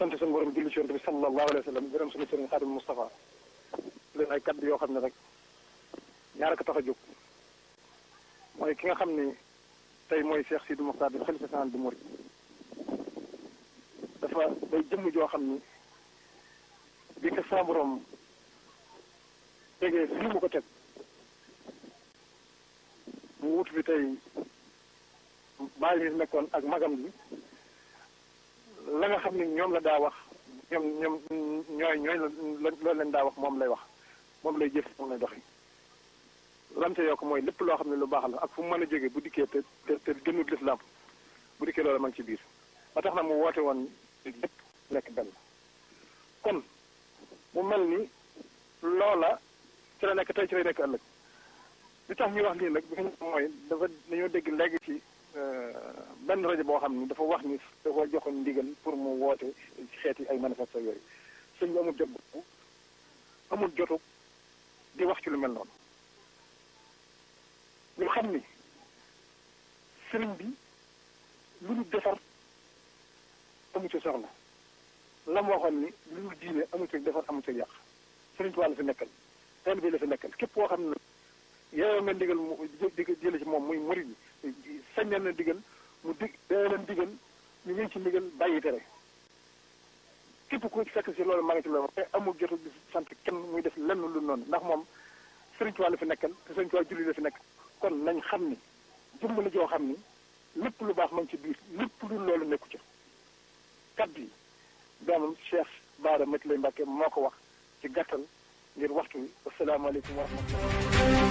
sant suñu borom julli ci yonent bi sallallahu alayhi wa sallam gërëm suñu sëriñ leen ay kaddu yoo xam ne rek ñaar ko tax a jóg mooy ki nga xam ni tey mooy Cheikh si du di xalifa général des mourides dafa joo xam ni bi ko saa tegee fii mu ko teg mu wut bi tey bàyyi nekkoon ak magam bi xam ñoom la daa wax ñoom ñoom ñooy ñooy loolu leen daa wax moom lay wax moom lay jëf moom lay doxi lam ca yokk mooy lépp loo xam ne lu baax la ak fu mën a jógee bu dikkee te te te gënul bu dikkee loolu ma ci biir ba tax na mu woote woon lépp nekk benn kon mu mel ni loola ci la nekk tey ci lay nekk ëllëg li tax ñuy wax lii nag bi nga mooy dafa dañoo dégg léegi ci benn rajo boo xam ni dafa wax ni dafa jox ndigal pour mu woote ci xeeti ay manifeste yooyu sëñ bi amul jot boobu amul jotu di wax ci lu mel noonu ñu xam ni sëriñ bi lu ñu defar amu ci soxla la mu waxoon ni lu ñu diine amu ci defar amu ci yàq sëriñ Tuubaa la fi nekkal teen bi la fi nekkal képp koo xam ne yow nga ndigal mu jële ci moom muy murid yi sañ na digal mu dig dana leen digal ñu ngi ci ndigal bàyyi tere képp ku ci fekk si loolu maa ngi ci loolu te amul jotu di sant kenn muy def lenn lu noonu ndax moom Sëriñ Tuubaa la fi nekkal te Sëriñ Tuubaa julli la fi nekk kon nañ xam ni jëmm la joo xam ni lépp lu baax ma ngi ci biir lépp lu loolu nekku ci kaddu yi doomam Cheikh Baara Mati lay Mbàkke moo ko wax ci gàttal ngir waxtu wi asalaamaaleykum wa rahmatulah